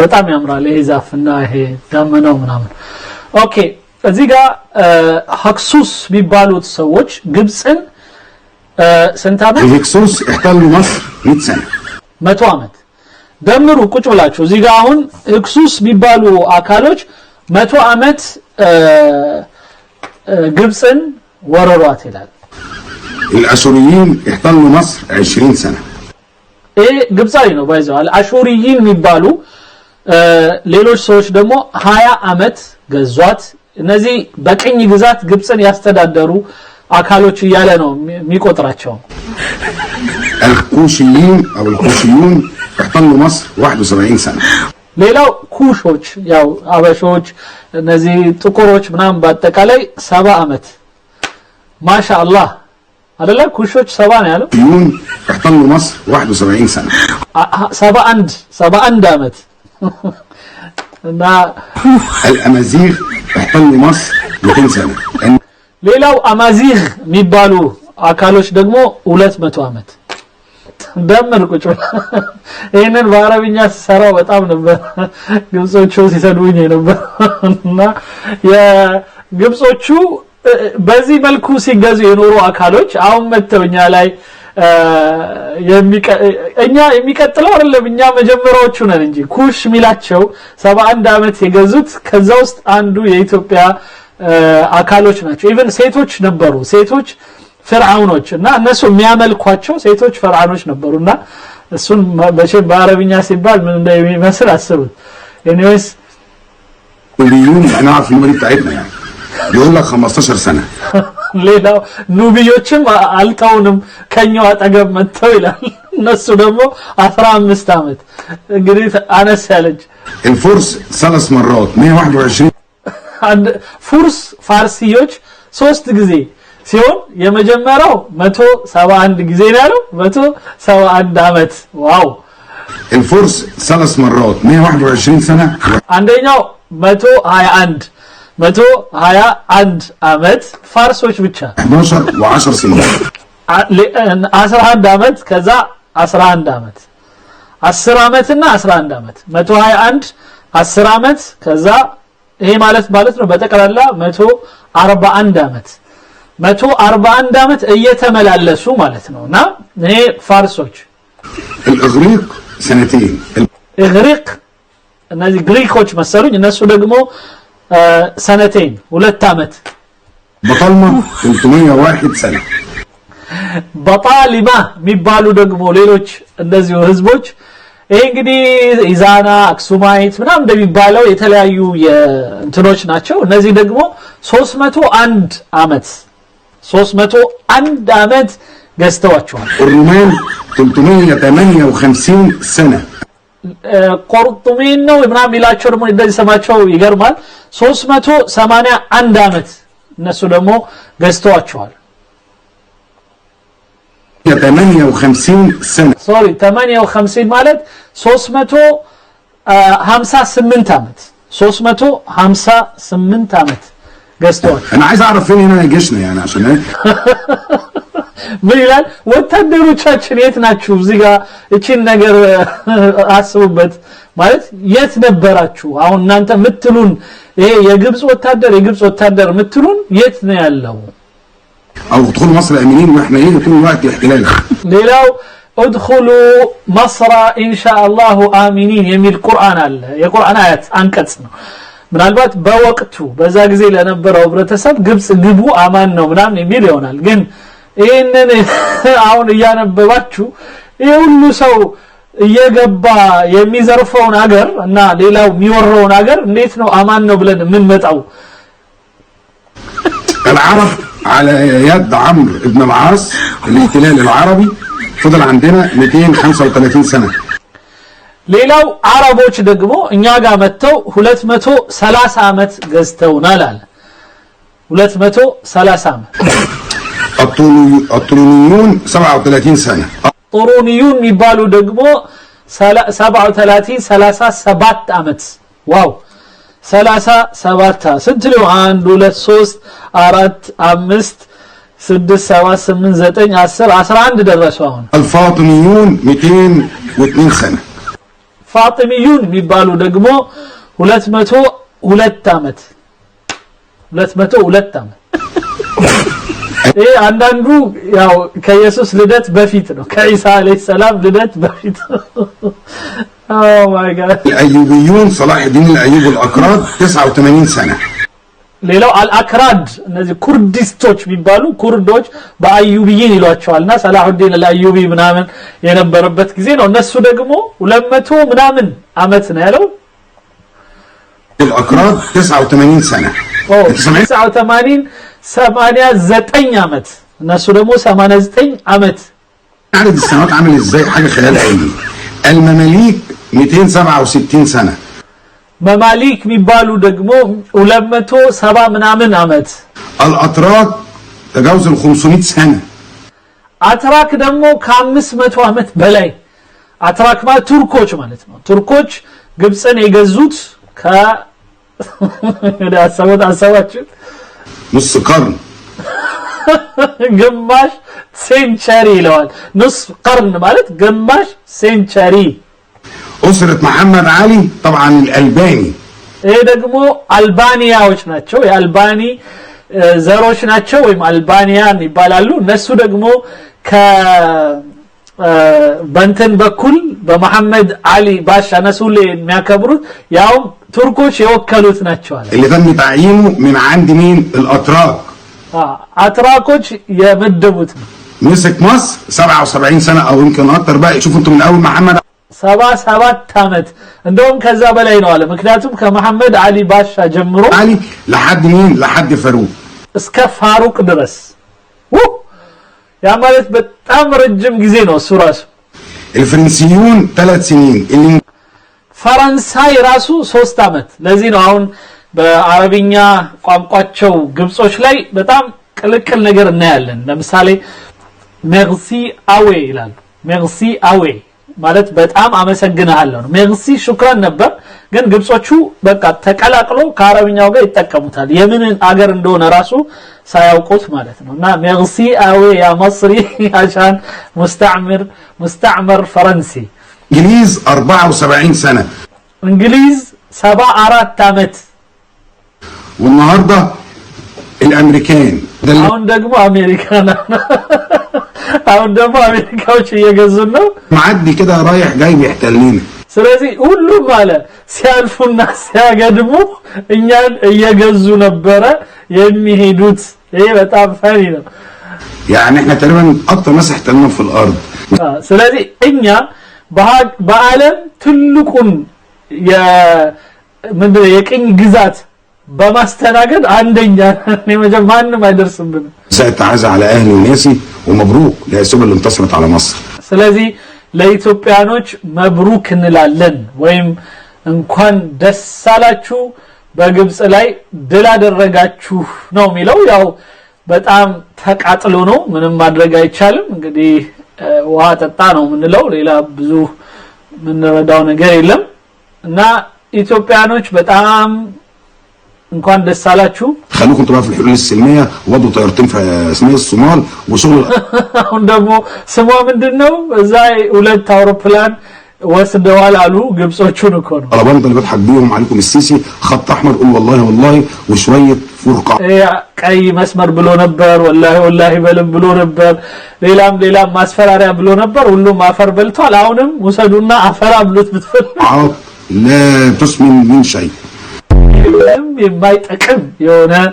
በጣም ያምራል ይሄ ዛፍ እና ይሄ ዳመናው ምናምን ኦኬ እዚህ ጋር ሀክሱስ የሚባሉት ሰዎች ግብፅን ስንት ዓመት ሀክሱስ እህታሉ መስር ሚት መቶ ዓመት ደምሩ ቁጭ ብላችሁ እዚህ ጋር አሁን ህክሱስ የሚባሉ አካሎች መቶ ዓመት ግብፅን ወረሯት ይላል الاشوريين احتلوا مصر 20 سنه ايه جبصاري نو بايزو الاشوريين የሚባሉ ሌሎች ሰዎች ደግሞ 20 አመት ገዟት እነዚህ በቅኝ ግዛት ግብፅን ያስተዳደሩ አካሎች እያለ ነው የሚቆጥራቸው الكوشيين او الكوشيون مصر 71 سنه ሌላው ኩሾች ያው አበሾች እነዚህ ጥቁሮች ምናምን በአጠቃላይ 70 አመት ማሻ አላህ ኩሾች 70 ነው ያለው ይሁን احتلوا مصر 71 سنه 71 71 አመት እና አልአማዚግ ሕልም مصر ሌላው አማዚግ የሚባሉ አካሎች ደግሞ ሁለት መቶ ዓመት ደምር ቁጭ ይህንን በአረብኛ ሰራው በጣም ነበር ግብጾቹ ሲሰድቡኝ ነበር እና የግብጾቹ በዚህ መልኩ ሲገዙ የኖሩ አካሎች አሁን መተው እኛ ላይ እኛ የሚቀጥለው አይደለም እኛ መጀመሪያዎቹ ነን እንጂ ኩሽ ሚላቸው 71 አመት የገዙት ከዛ ውስጥ አንዱ የኢትዮጵያ አካሎች ናቸው ኢቨን ሴቶች ነበሩ ሴቶች ፍርዓውኖች እና እነሱ የሚያመልኳቸው ሴቶች ፈርዓኖች ነበሩና እሱን በሸ በአረብኛ ሲባል ምን እንደሚመስል አስቡት ኤኒዌይስ ልዩ ምዕናፍ ነው የሁላ 15 ሰነ ሌላው ኑቢዮችም አልቀውንም ከኛው አጠገብ መጥተው ይላል። እነሱ ደግሞ 15 ዓመት እንግዲህ አነስ ያለች الفرس ثلاث مرات 121 አንድ ፉርስ ፋርሲዮች ሶስት ጊዜ ሲሆን የመጀመሪያው 171 ጊዜ ነው ያለው 171 ዓመት ዋው الفرس ثلاث مرات 121 سنه አንደኛው 121 መቶ ሀያ አንድ አመት ፋርሶች ብቻ አስራ አንድ አመት ከዛ አስራ አንድ አመት አስር አመትና አስራ አንድ አመት መቶ ሀያ አንድ አስር አመት ከዛ ይሄ ማለት ማለት ነው በጠቅላላ መቶ አርባ አንድ አመት መቶ አርባ አንድ አመት እየተመላለሱ ማለት ነው እና ይሄ ፋርሶች الإغريق እነዚህ ግሪኮች መሰሉኝ እነሱ ደግሞ ሰነቴን ሁለት አመት በጣልማ እንትኛ ዋህድ ሰነ በጣሊማ የሚባሉ ደግሞ ሌሎች እንደዚሁ ህዝቦች ይሄ እንግዲህ ኢዛና አክሱማይት ምናምን እንደሚባለው የተለያዩ የእንትኖች ናቸው። እነዚህ ደግሞ 301 አመት 301 አመት ገዝተዋቸዋል። ሩማን 358 ሰነ ቆርጡቢን ነው ምናምን የሚላቸው ደግሞ እንደዚህ ሰማቸው ይገርማል 381 አመት እነሱ ደግሞ ገዝተዋቸዋል ሶሪ 58 ማለት 358 ዓመት 358 ዓመት ገዝተዋል انا عايز اعرف فين هنا جيشنا يعني عشان ምን ይላል? ወታደሮቻችን የት ናችሁ? እዚህ ጋር እቺን ነገር አስቡበት። ማለት የት ነበራችሁ? አሁን እናንተ ምትሉን ይሄ የግብጽ ወታደር የግብጽ ወታደር ምትሉን የት ነው ያለው? ሌላው ኡድኹሉ መሥራ ኢንሻአላሁ አሚኒን የሚል ቁርአን አለ። የቁርአን አያት አንቀጽ ነው። ምናልባት በወቅቱ በዛ ጊዜ ለነበረው ህብረተሰብ ግብጽ ግቡ አማን ነው ምናምን የሚል ይሆናል ግን ይህንን አሁን እያነበባችሁ ይህ ሁሉ ሰው እየገባ የሚዘርፈውን አገር እና ሌላው የሚወረውን አገር እንዴት ነው አማን ነው ብለን የምንመጣው? العرب على يد عمرو بن العاص الاحتلال العربي فضل عندنا 235 سنة ሌላው አረቦች ደግሞ እኛ ጋር መጥተው 230 ዓመት ገዝተውናል አለ 230 ዓመት አጡሩኒዩን 37 ሰነ ጡሩኒዩን የሚባሉ ደግሞ 37 ወተላቲን አመት ዋው ሰላሳ ሰባት ስንት ነው? አንድ ሁለት ሶስት አራት አምስት ስድስት ሰባት ስምንት ዘጠኝ አስር አስራ ደረሱ። አሁን አልፋጥሚዩን ሚቴን ሰነ ፋጥሚዩን የሚባሉ ደግሞ ሁለት ይሄ አንዳንዱ ያው ከኢየሱስ ልደት በፊት ነው ከኢሳ አለይሂ ሰላም ልደት በፊት ኦ ማይ ጋድ የአዩብዩን ሰላህ ዲን አዩብ አልአክራድ 89 ሰነ ሌላው አልአክራድ እነዚህ ኩርዲስቶች የሚባሉ ኩርዶች በአዩብይን ይሏቸዋልና ሰላሁዲን አልአዩቢ ምናምን የነበረበት ጊዜ ነው እነሱ ደግሞ 200 ምናምን አመት ነው ያለው الأكراد 89 سنة 89 ሰማንያ ዘጠኝ ዓመት እነሱ ደግሞ ሰማንያ ዘጠኝ ዓመት عدد السنوات عامل ازاي حاجه خلال علمي المماليك 267 سنه መማሊክ የሚባሉ ደግሞ 270 ምናምን ዓመት الاتراك تجاوز ال 500 سنه አትራክ ደግሞ ከ500 ዓመት በላይ አትራክ ማለት ቱርኮች ማለት ነው ቱርኮች ግብፅን የገዙት ከ ወደ አሰባት አሰባችሁት ንስፍ ቀርን ግማሽ ሴንቸሪ ይለዋል። ንስፍ ቀርን ማለት ግማሽ ሴንቸሪ። ኡስረት መሐመድ አሊ ጠብዓን አልባኒ። ይህ ደግሞ አልባኒያዎች ናቸው፣ የአልባኒ ዘሮች ናቸው ወይም አልባኒያን ይባላሉ። እነሱ ደግሞ በንትን በኩል በመሐመድ አሊ ባሻ እነሱ የሚያከብሩት ያውም تركوش يوكلوا تناتشوال اللي تم تعيينه من عند مين الأتراك آه. أتراكوش يا يبدبوت مسك مصر 77 سنة أو يمكن أكثر بقى شوف أنتم من أول محمد سبع سبع تامت عندهم كذا بلاين ولا مكناتهم كمحمد علي باشا جمرو علي لحد مين لحد فاروق اسكا فاروق درس ووو. يا مالت بتامر الجم جزينو الفرنسيون ثلاث سنين اللي ፈረንሳይ ራሱ ሶስት አመት። ለዚህ ነው አሁን በአረብኛ ቋንቋቸው ግብጾች ላይ በጣም ቅልቅል ነገር እናያለን። ለምሳሌ ሜርሲ አዌ ይላሉ። ሜርሲ አዌ ማለት በጣም አመሰግናለሁ ነው። ሜርሲ ሹክራን ነበር፣ ግን ግብጾቹ በቃ ተቀላቅሎ ከአረብኛው ጋር ይጠቀሙታል። የምን አገር እንደሆነ ራሱ ሳያውቁት ማለት ነውና ሜርሲ አዌ ያ መስሪ عشان مستعمر مستعمر فرنسي انجليز 74 سنه انجليز 74 تامت والنهارده الامريكان ده هون دجمو امريكان هون دجمو امريكان شو يجزلنا معدي كده رايح جاي بيحتلينا سلازي قول ماله سيالفو الناس يا قدمو انيان يجزو نبرا يمي هيدوت ايه بتعب فاني يعني احنا تقريبا اكتر ناس احتلنا في الارض سلازي انيان በዓለም ትልቁን የቅኝ ግዛት በማስተናገድ አንደኛ ማንም አይደርስብን። ዘእተዓዘ ዐለ አህሊ ነሲ ወመብሩክ ለሱበል እንተስረት ዐለ መصር። ስለዚህ ለኢትዮጵያኖች መብሩክ እንላለን ወይም እንኳን ደስ አላችሁ በግብፅ ላይ ድል አደረጋችሁ ነው የሚለው። ያው በጣም ተቃጥሎ ነው፣ ምንም ማድረግ አይቻልም እንግዲህ ውሃ ጠጣ ነው የምንለው ሌላ ብዙ የምንረዳው ነገር የለም እና ኢትዮጵያኖች በጣም እንኳን ደስ አላችሁ خلوكم تبقى في الحلول السلميه وضعوا طيارتين في اسماء الصومال وشغل አሁን ደግሞ ስሟ ምንድነው እዛ ሁለት አውሮፕላን واسدوال قالوا جبسوتشون كون طلبان طلبات حبيهم عليكم السيسي خط احمر قول والله والله وشويه فرقه اي مسمر بلو نبر والله والله بلم بلو نبر ليلام ليلام ماسفر اري بلو نبر والله ما فر بلتو على عونم وسدونا عفر عملوت بتفل لا تسمن من شيء ما يتقم يونا